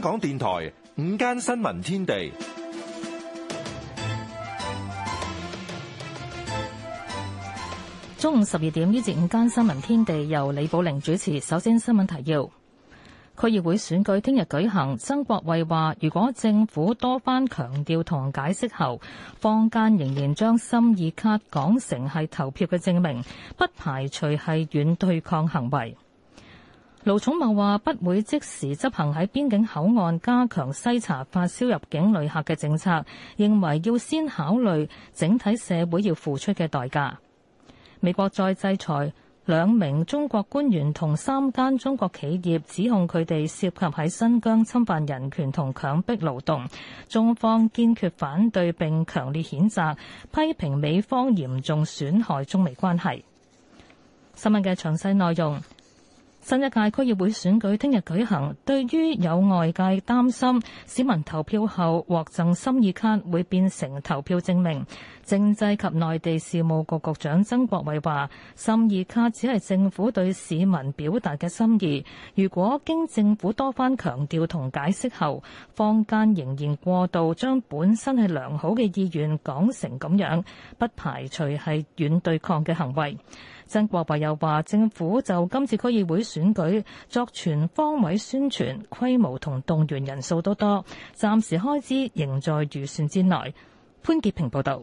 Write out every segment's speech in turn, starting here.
香港電台午間新聞天地，中午十二點。呢節午間新聞天地由李寶玲主持。首先新聞提要：區議會選舉聽日舉行。曾國衛話，如果政府多番強調同解釋後，坊間仍然將心意卡講成係投票嘅證明，不排除係軟對抗行為。盧寵茂話不會即時執行喺邊境口岸加強篩查發燒入境旅客嘅政策，認為要先考慮整體社會要付出嘅代價。美國再制裁兩名中國官員同三間中國企業，指控佢哋涉及喺新疆侵犯人權同強迫勞動。中方堅決反對並強烈譴責，批評美方嚴重損害中美關係。新聞嘅詳細內容。新一屆區議會選舉聽日舉行，對於有外界擔心市民投票後獲贈心意卡會變成投票證明，政制及內地事務局局長曾國衞話：心意卡只係政府對市民表達嘅心意，如果經政府多番強調同解釋後，坊間仍然過度將本身係良好嘅意願講成咁樣，不排除係軟對抗嘅行為。曾國衛又話政府就今次區議會選舉作全方位宣傳，規模同動員人數都多，暫時開支仍在預算之內。潘潔平報道。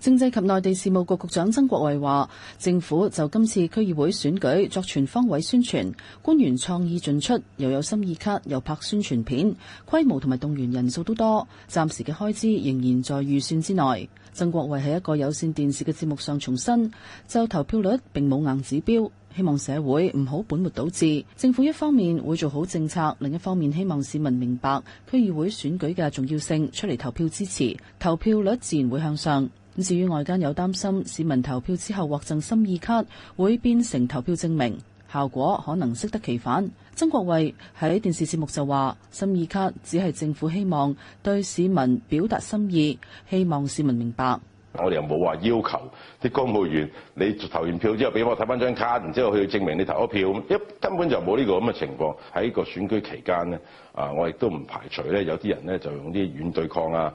政制及內地事務局局長曾國衛話，政府就今次區議會選舉作全方位宣傳，官員創意盡出，又有心意卡，又拍宣傳片，規模同埋動員人數都多。暫時嘅開支仍然在預算之內。曾國衛喺一個有線電視嘅節目上重申，就投票率並冇硬指標，希望社會唔好本末倒置。政府一方面會做好政策，另一方面希望市民明白區議會選舉嘅重要性，出嚟投票支持，投票率自然會向上。至於外間有擔心，市民投票之後獲贈心意卡會變成投票證明，效果可能適得其反。曾國衞喺電視節目就話：心意卡只係政府希望對市民表達心意，希望市民明白。我哋又冇話要求啲公務員，你投完票之後俾我睇返張卡，然之後去證明你投咗票，根本就冇呢個咁嘅情況。喺個選舉期間呢，啊，我亦都唔排除咧，有啲人咧就用啲軟對抗啊，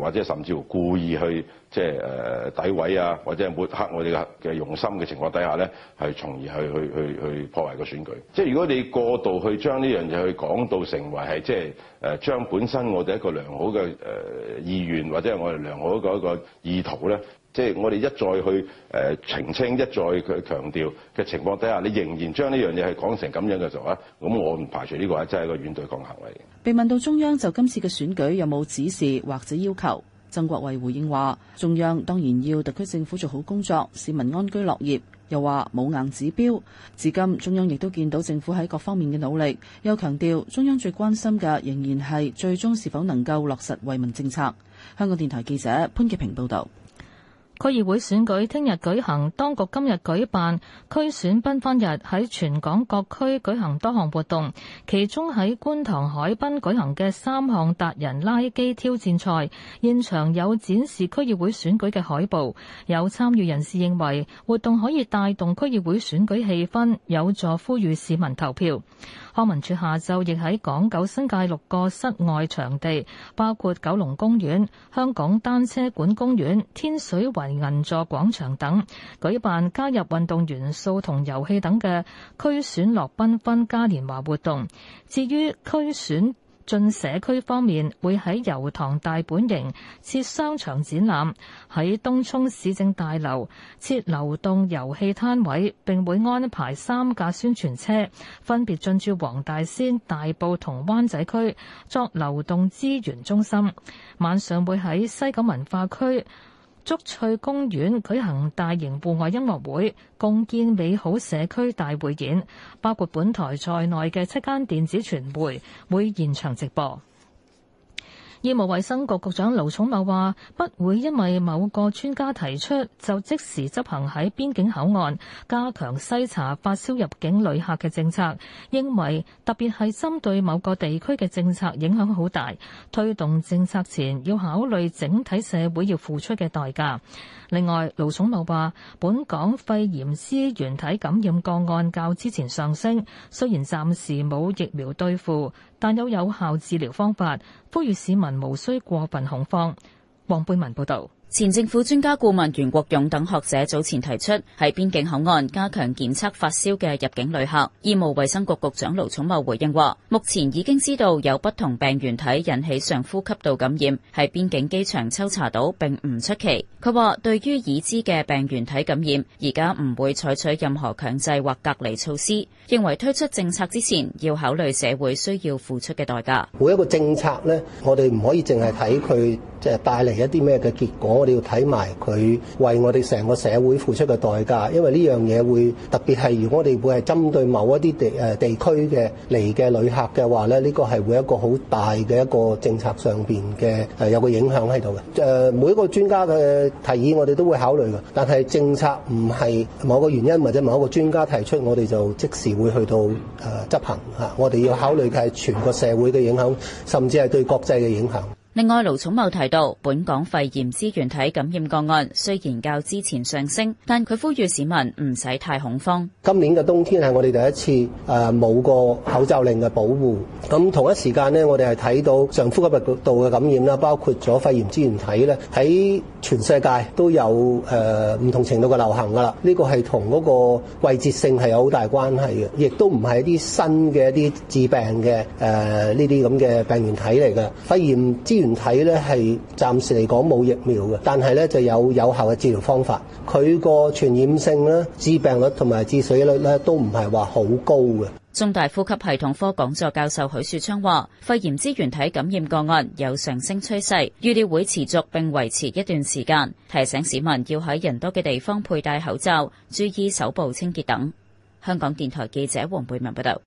或者甚至乎故意去。即係誒詆毀啊，或者係抹黑我哋嘅嘅用心嘅情況底下咧，係從而去去去去，去破壞個選舉。即係如果你過度去將呢樣嘢去講到成為係即係誒將本身我哋一個良好嘅誒、呃、意願，或者係我哋良好嘅一個意圖咧，即係我哋一再去誒澄清，一再去強調嘅情況底下，你仍然將呢樣嘢係講成咁樣嘅時候咧，咁我唔排除呢、這個係真係個軟對抗行為。被問到中央就今次嘅選舉有冇指示或者要求？曾國衛回應話：中央當然要特區政府做好工作，市民安居樂業。又話冇硬指標，至今中央亦都見到政府喺各方面嘅努力。又強調，中央最關心嘅仍然係最終是否能夠落實惠民政策。香港電台記者潘潔平報道。區議會選舉聽日舉行，當局今日舉辦區選繽紛日，喺全港各區舉行多項活動。其中喺觀塘海濱舉行嘅三項達人拉力機挑戰賽，現場有展示區議會選舉嘅海報。有參與人士認為活動可以帶動區議會選舉氣氛，有助呼籲市民投票。康文署下晝亦喺港九新界六個室外場地，包括九龍公園、香港單車館公園、天水圍。銀座廣場等舉辦加入運動元素同遊戲等嘅區選樂繽紛嘉年華活動。至於區選進社區方面，會喺油塘大本營設商場展覽，喺東涌市政大樓設流動遊戲攤位，並會安排三架宣傳車，分別進駐黃大仙、大埔同灣仔區，作流動資源中心。晚上會喺西九文化區，竹翠公園舉行大型戶外音樂會，共建美好社區大會演，包括本台在內嘅七間電子傳媒會現場直播。醫務衛生局局長盧寵茂話，不會因為某個專家提出就即時執行喺邊境口岸加強篩查發燒入境旅客嘅政策，認為特別係針對某個地區嘅政策影響好大。推動政策前要考慮整體社會要付出嘅代價。另外，盧寵茂話，本港肺炎支原體感染個案較之前上升，雖然暫時冇疫苗對付。但有有效治療方法，呼籲市民無需過分恐慌。黃貝文報道。前政府專家顧問袁國勇等學者早前提出，喺邊境口岸加強檢測發燒嘅入境旅客。醫務衛生局局長盧寵茂回應話：，目前已經知道有不同病原體引起上呼吸道感染，喺邊境機場抽查到，並唔出奇。佢話：，對於已知嘅病原體感染，而家唔會採取任何強制或隔離措施。認為推出政策之前，要考慮社會需要付出嘅代價。每一個政策咧，我哋唔可以淨係睇佢。即係帶嚟一啲咩嘅結果，我哋要睇埋佢為我哋成個社會付出嘅代價，因為呢樣嘢會特別係如果我哋會係針對某一啲地誒、呃、地區嘅嚟嘅旅客嘅話咧，呢個係會一個好大嘅一個政策上邊嘅誒有個影響喺度嘅。誒、呃、每一個專家嘅提議，我哋都會考慮嘅。但係政策唔係某個原因或者某一個專家提出，我哋就即時會去到誒、呃、執行嚇、啊。我哋要考慮嘅係全個社會嘅影響，甚至係對國際嘅影響。另外，盧寵茂提到，本港肺炎支原體感染個案雖然較之前上升，但佢呼籲市民唔使太恐慌。今年嘅冬天係我哋第一次，誒冇個口罩令嘅保護。咁同一時間咧，我哋係睇到上呼吸道嘅感染啦，包括咗肺炎支原體咧，喺全世界都有誒唔同程度嘅流行噶啦。呢個係同嗰個季節性係有好大關係嘅，亦都唔係一啲新嘅一啲致病嘅誒呢啲咁嘅病原體嚟嘅肺炎支原體呢係暫時嚟講冇疫苗嘅，但係呢就有有效嘅治療方法。佢個傳染性啦、致病率同埋致死率呢都唔係話好高嘅。中大呼吸系統科講座教授許樹昌話：肺炎支原體感染個案有上升趨勢，預料會持續並維持一段時間。提醒市民要喺人多嘅地方佩戴口罩，注意手部清潔等。香港電台記者黃貝文報道。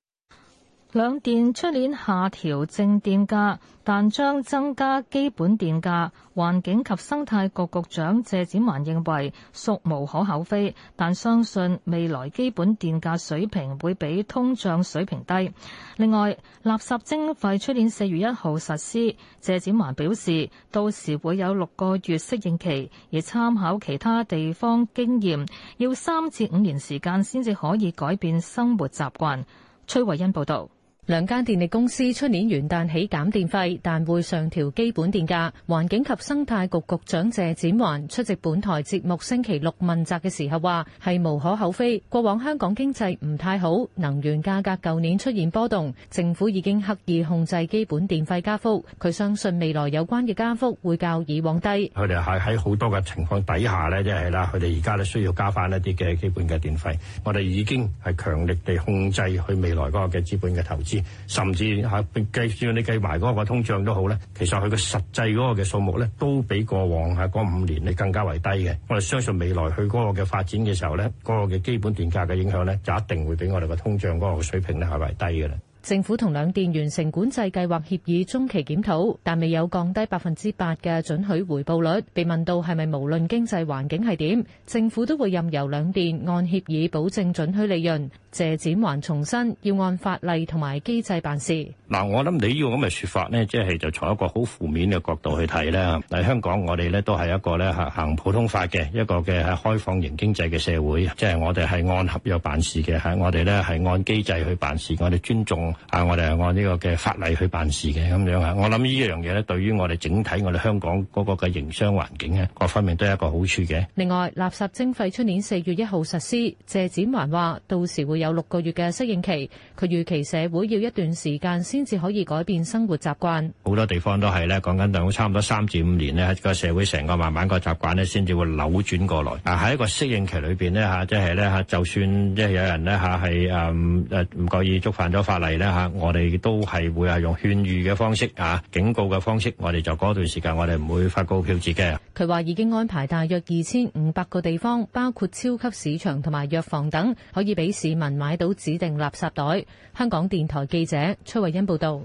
兩電出年下調正電價，但將增加基本電價。環境及生態局局長謝展寰認為屬無可厚非，但相信未來基本電價水平會比通脹水平低。另外，垃圾徵費出年四月一號實施，謝展寰表示到時會有六個月適應期，而參考其他地方經驗，要三至五年時間先至可以改變生活習慣。崔慧欣報導。兩間電力公司出年元旦起減電費，但會上調基本電價。環境及生態局局長謝展寰出席本台節目星期六問責嘅時候話：，係無可厚非。過往香港經濟唔太好，能源價格舊年出現波動，政府已經刻意控制基本電費加幅。佢相信未來有關嘅加幅會較以往低。佢哋喺喺好多嘅情況底下呢，即係啦，佢哋而家咧需要加返一啲嘅基本嘅電費。我哋已經係強力地控制佢未來嗰個嘅資本嘅投資。甚至係計算你計埋嗰個通脹都好咧，其實佢個實際嗰個嘅數目咧，都比過往係嗰五年咧更加為低嘅。我哋相信未來佢嗰個嘅發展嘅時候咧，嗰個嘅基本電價嘅影響咧，就一定會比我哋個通脹嗰個水平咧係為低嘅啦。政府同兩電完成管制計劃協議中期檢討，但未有降低百分之八嘅準許回報率。被問到係咪無論經濟環境係點，政府都會任由兩電按協議保證準許利潤？謝展環重申要按法例同埋機制辦事。嗱，我諗你要咁嘅說法呢，即係就從、是、一個好負面嘅角度去睇啦。但香港我哋呢，都係一個咧行行普通法嘅一個嘅開放型經濟嘅社會，即、就、係、是、我哋係按合約辦事嘅，係我哋咧係按機制去辦事，我哋尊重啊，我哋係按呢個嘅法例去辦事嘅咁樣啊。我諗呢一樣嘢咧，對於我哋整體我哋香港嗰個嘅營商環境咧，各方面都係一個好處嘅。另外，垃圾徵費出年四月一號實施，謝展環話到時會。有六個月嘅適應期，佢預期社會要一段時間先至可以改變生活習慣，好多地方都係咧，講緊等差唔多三至五年咧，個社會成個慢慢個習慣咧，先至會扭轉過來啊，喺一個適應期裏邊咧吓，即係咧吓，就算即係有人咧吓係誒，唔唔覺意觸犯咗法例咧吓，我哋都係會係用勸喻嘅方式啊，警告嘅方式，我哋就嗰段時間我哋唔會發告票字嘅。佢話已經安排大約二千五百個地方，包括超級市場同埋藥房等，可以俾市民。買到指定垃圾袋。香港電台記者崔慧欣報道，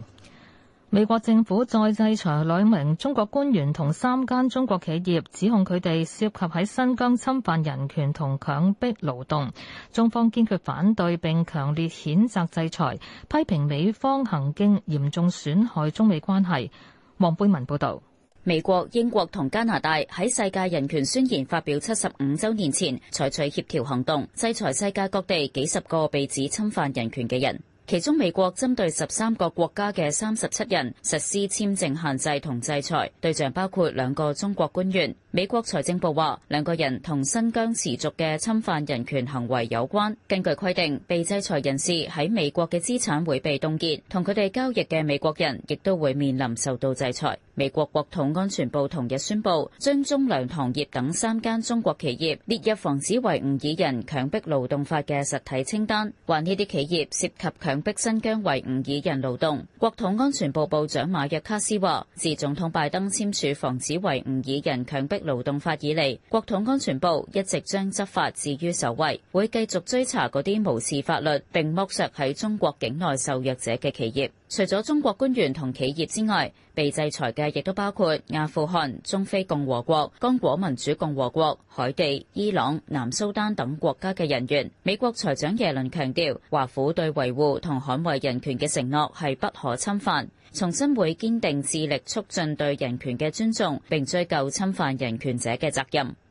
美國政府再制裁兩名中國官員同三間中國企業，指控佢哋涉及喺新疆侵犯人權同強迫勞動。中方堅決反對並強烈譴責制裁，批評美方行徑嚴重損害中美關係。黃貝文報道。美國、英國同加拿大喺世界人權宣言發表七十五週年前，採取協調行動，制裁世界各地幾十個被指侵犯人權嘅人。其中美國針對十三個國家嘅三十七人實施簽證限制同制裁，對象包括兩個中國官員。美國財政部話，兩個人同新疆持續嘅侵犯人權行為有關。根據規定，被制裁人士喺美國嘅資產會被凍結，同佢哋交易嘅美國人亦都會面臨受到制裁。美國國土安全部同日宣布，將中糧、糖業等三間中國企業列入防止違誤以人強迫勞動法嘅實體清單，話呢啲企業涉及強。強迫新疆維吾爾人勞動，國土安全部部長馬約卡斯話：自總統拜登簽署防止維吾爾人強迫勞動法以嚟，國土安全部一直將執法置於首位，會繼續追查嗰啲無視法律並剝削喺中國境內受虐者嘅企業。除咗中國官員同企業之外，被制裁嘅亦都包括阿富汗、中非共和國、剛果民主共和國、海地、伊朗、南蘇丹等國家嘅人員。美國財長耶倫強調，華府對維護同捍衞人權嘅承諾係不可侵犯，重申會堅定致力促進對人權嘅尊重，並追究侵犯人權者嘅責任。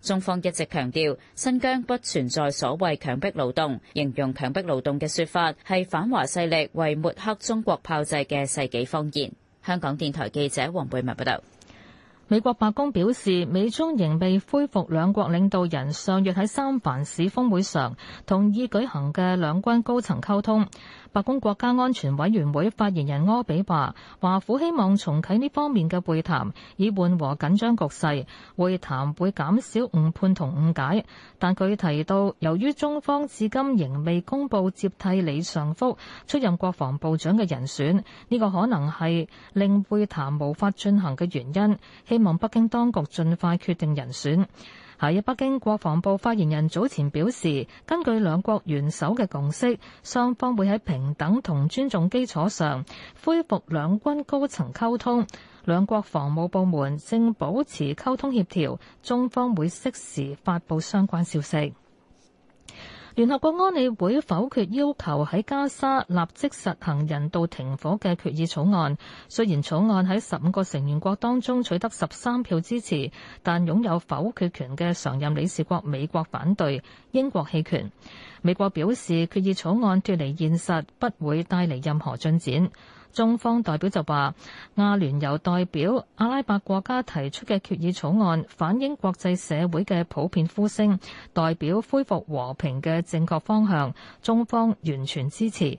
中方一直強調，新疆不存在所謂強迫勞動，形容強迫勞動嘅說法係反華勢力為抹黑中國炮製嘅世紀謊言。香港電台記者黃貝文報道。美國白宮表示，美中仍未恢復兩國領導人上月喺三藩市峰會上同意舉行嘅兩軍高層溝通。白宮國家安全委員會發言人柯比話：華府希望重啟呢方面嘅會談，以緩和緊張局勢，會談會減少誤判同誤解。但佢提到，由於中方至今仍未公佈接替李尚福出任國防部長嘅人選，呢個可能係令會談無法進行嘅原因。希希望北京當局盡快決定人選。下日北京國防部發言人早前表示，根據兩國元首嘅共識，雙方會喺平等同尊重基礎上恢復兩軍高層溝通。兩國防務部門正保持溝通協調，中方會適時發布相關消息。聯合國安理會否決要求喺加沙立即實行人道停火嘅決議草案。雖然草案喺十五個成員國當中取得十三票支持，但擁有否決權嘅常任理事國美國反對，英國棄權。美國表示決議草案脫離現實，不會帶嚟任何進展。中方代表就話：阿聯酋代表阿拉伯國家提出嘅決議草案，反映國際社會嘅普遍呼聲，代表恢復和平嘅正確方向，中方完全支持。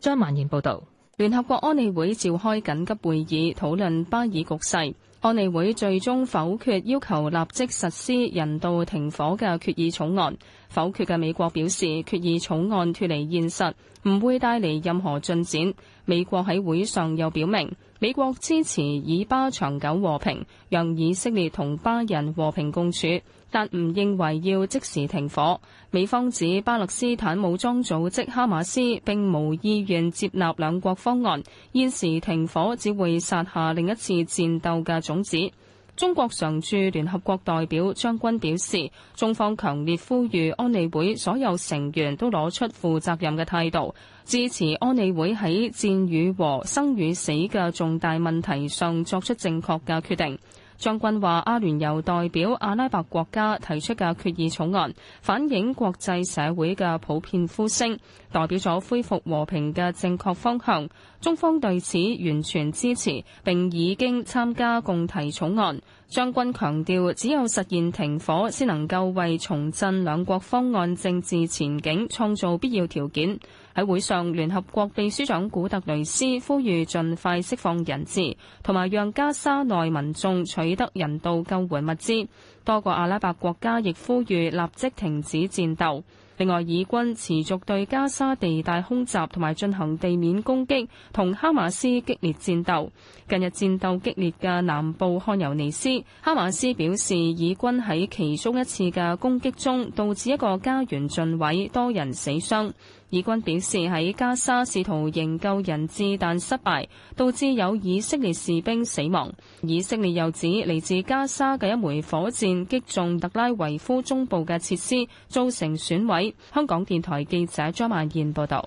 張曼燕報道，聯合國安理會召開緊急會議，討論巴以局勢。安理會最終否決要求立即實施人道停火嘅決議草案，否決嘅美國表示，決議草案脫離現實，唔會帶嚟任何進展。美國喺會上又表明。美國支持以巴長久和平，讓以色列同巴人和平共處，但唔認為要即時停火。美方指巴勒斯坦武裝組織哈馬斯並無意願接納兩國方案，現時停火只會撒下另一次戰鬥嘅種子。中國常駐聯合國代表張軍表示，中方強烈呼籲安理會所有成員都攞出負責任嘅態度。支持安理會喺戰與和、生與死嘅重大問題上作出正確嘅決定。張軍話：阿聯酋代表阿拉伯國家提出嘅決議草案，反映國際社會嘅普遍呼聲。代表咗恢復和平嘅正確方向，中方對此完全支持，並已經參加共提草案。張軍強調，只有實現停火，先能夠為重振兩國方案政治前景創造必要條件。喺會上，聯合國秘書長古特雷斯呼籲盡快釋放人質，同埋讓加沙內民眾取得人道救援物資。多個阿拉伯國家亦呼籲立即停止戰鬥。另外，以軍持續對加沙地帶空襲同埋進行地面攻擊，同哈馬斯激烈戰鬥。近日戰鬥激烈嘅南部漢尤尼斯，哈馬斯表示，以軍喺其中一次嘅攻擊中，導致一個家園盡毀，多人死傷。以軍表示，喺加沙試圖營救人質但失敗，導致有以色列士兵死亡。以色列又指嚟自加沙嘅一枚火箭擊中特拉維夫中部嘅設施，造成損毀。香港電台記者張曼燕報道。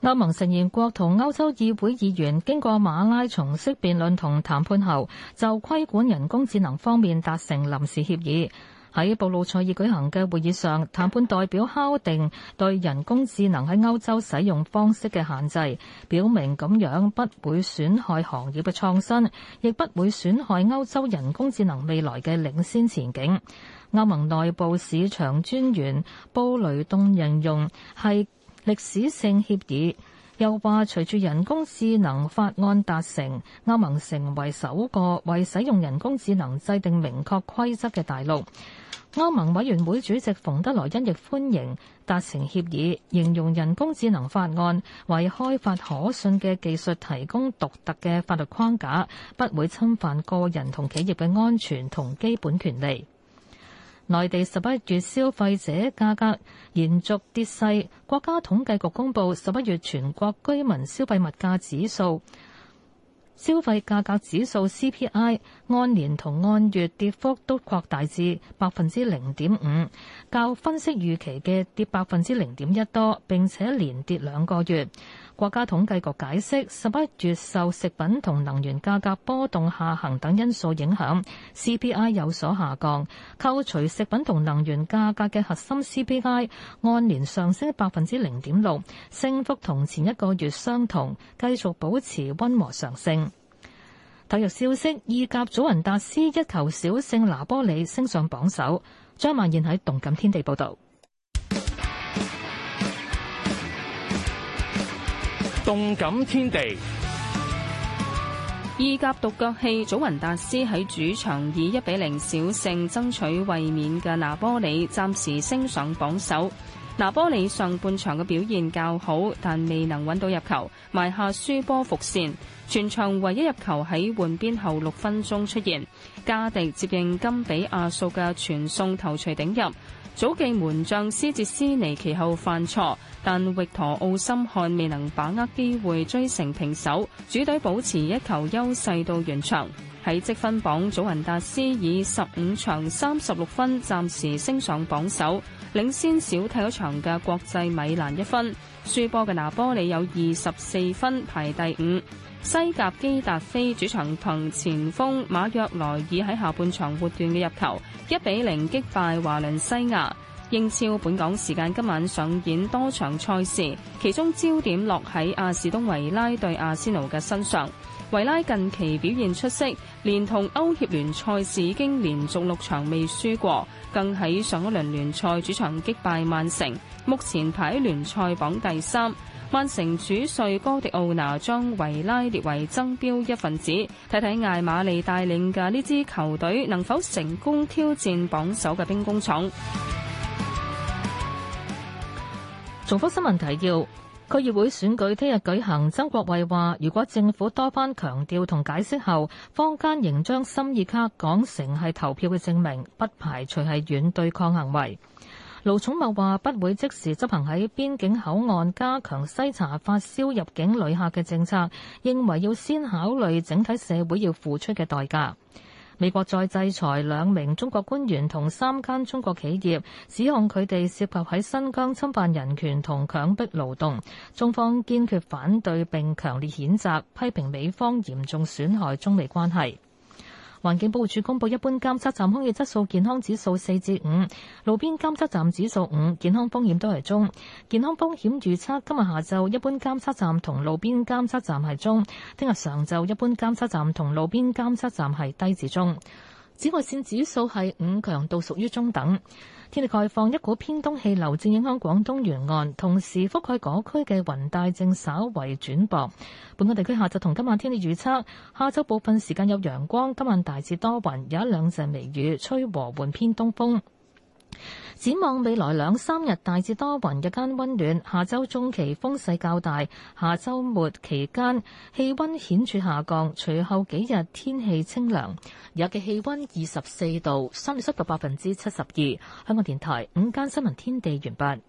歐盟成員國同歐洲議會議員經過馬拉松式辯論同談判後，就規管人工智能方面達成臨時協議。喺布魯塞爾舉行嘅會議上，談判代表敲定對人工智能喺歐洲使用方式嘅限制，表明咁樣不會損害行業嘅創新，亦不會損害歐洲人工智能未來嘅領先前景。歐盟內部市場專員布雷東形容：「係歷史性協議。又話，隨住人工智能法案達成，歐盟成為首個為使用人工智能制定明確規則嘅大陸。歐盟委員會主席馮德萊恩亦歡迎達成協議，形容人工智能法案為開發可信嘅技術提供獨特嘅法律框架，不會侵犯個人同企業嘅安全同基本權利。內地十一月消費者價格延續跌勢，國家統計局公布十一月全國居民消費物價指數、消費價格指數 CPI，按年同按月跌幅都擴大至百分之零點五，較分析預期嘅跌百分之零點一多，並且連跌兩個月。國家統計局解釋，十一月受食品同能源價格波動下行等因素影響，CPI 有所下降。扣除食品同能源價格嘅核心 CPI 按年上升百分之零點六，升幅同前一個月相同，繼續保持溫和上升。體育消息，意甲祖雲達斯一球小勝拿波里，升上榜首。張曼燕喺動感天地報導。動感天地，意甲獨腳戲。祖雲達斯喺主場以一比零小勝，爭取衛冕嘅拿波里暫時升上榜首。拿波里上半場嘅表現較好，但未能搵到入球，埋下輸波伏線。全場唯一入球喺換邊後六分鐘出現，加迪接應金比亞素嘅傳送頭槌頂入。祖記門將斯捷斯尼其後犯錯，但域陀奧森漢未能把握機會追成平手，主隊保持一球優勢到完場。喺積分榜，祖雲達斯以十五場三十六分暫時升上榜首，領先少踢咗一場嘅國際米蘭一分。輸波嘅拿波里有二十四分，排第五。西甲基達菲主場憑前鋒馬約萊爾喺下半場活斷嘅入球，一比零擊敗華倫西亞。英超本港時間今晚上演多場賽事，其中焦點落喺阿士東維拉對阿仙奴嘅身上。維拉近期表現出色，連同歐協聯賽事已經連續六場未輸過，更喺上一輪聯賽主場擊敗曼城，目前排喺聯賽榜第三。曼城主帥哥迪奧拿將維拉列為爭標一份子，睇睇艾馬利帶領嘅呢支球隊能否成功挑戰榜首嘅兵工廠。重複新聞提要：區議會選舉聽日舉行，曾國衛話，如果政府多番強調同解釋後，坊間仍將心意卡講成係投票嘅證明，不排除係軟對抗行為。盧寵茂話不會即時執行喺邊境口岸加強篩查發燒入境旅客嘅政策，認為要先考慮整體社會要付出嘅代價。美國再制裁兩名中國官員同三間中國企業，指控佢哋涉及喺新疆侵犯人權同強迫勞動。中方堅決反對並強烈譴責，批評美方嚴重損害中美關係。環境保護署公布，一般監測站空氣質素健康指數四至五，路邊監測站指數五，健康風險都係中。健康風險預測，今日下晝一般監測站同路邊監測站係中，聽日上晝一般監測站同路邊監測站係低至中。紫外線指數係五強度，屬於中等。天氣概況，一股偏東氣流正影響廣東沿岸，同時覆蓋嗰區嘅雲帶正稍為轉薄。本港地區下晝同今晚天氣預測：下晝部分時間有陽光，今晚大致多雲，有一兩陣微雨，吹和緩偏東風。展望未來兩三日大致多雲，日間溫暖。下周中期風勢較大，下周末期間氣溫顯著下降。隨後幾日天氣清涼，日嘅氣溫二十四度，相對濕度百分之七十二。香港電台午間新聞天地完畢。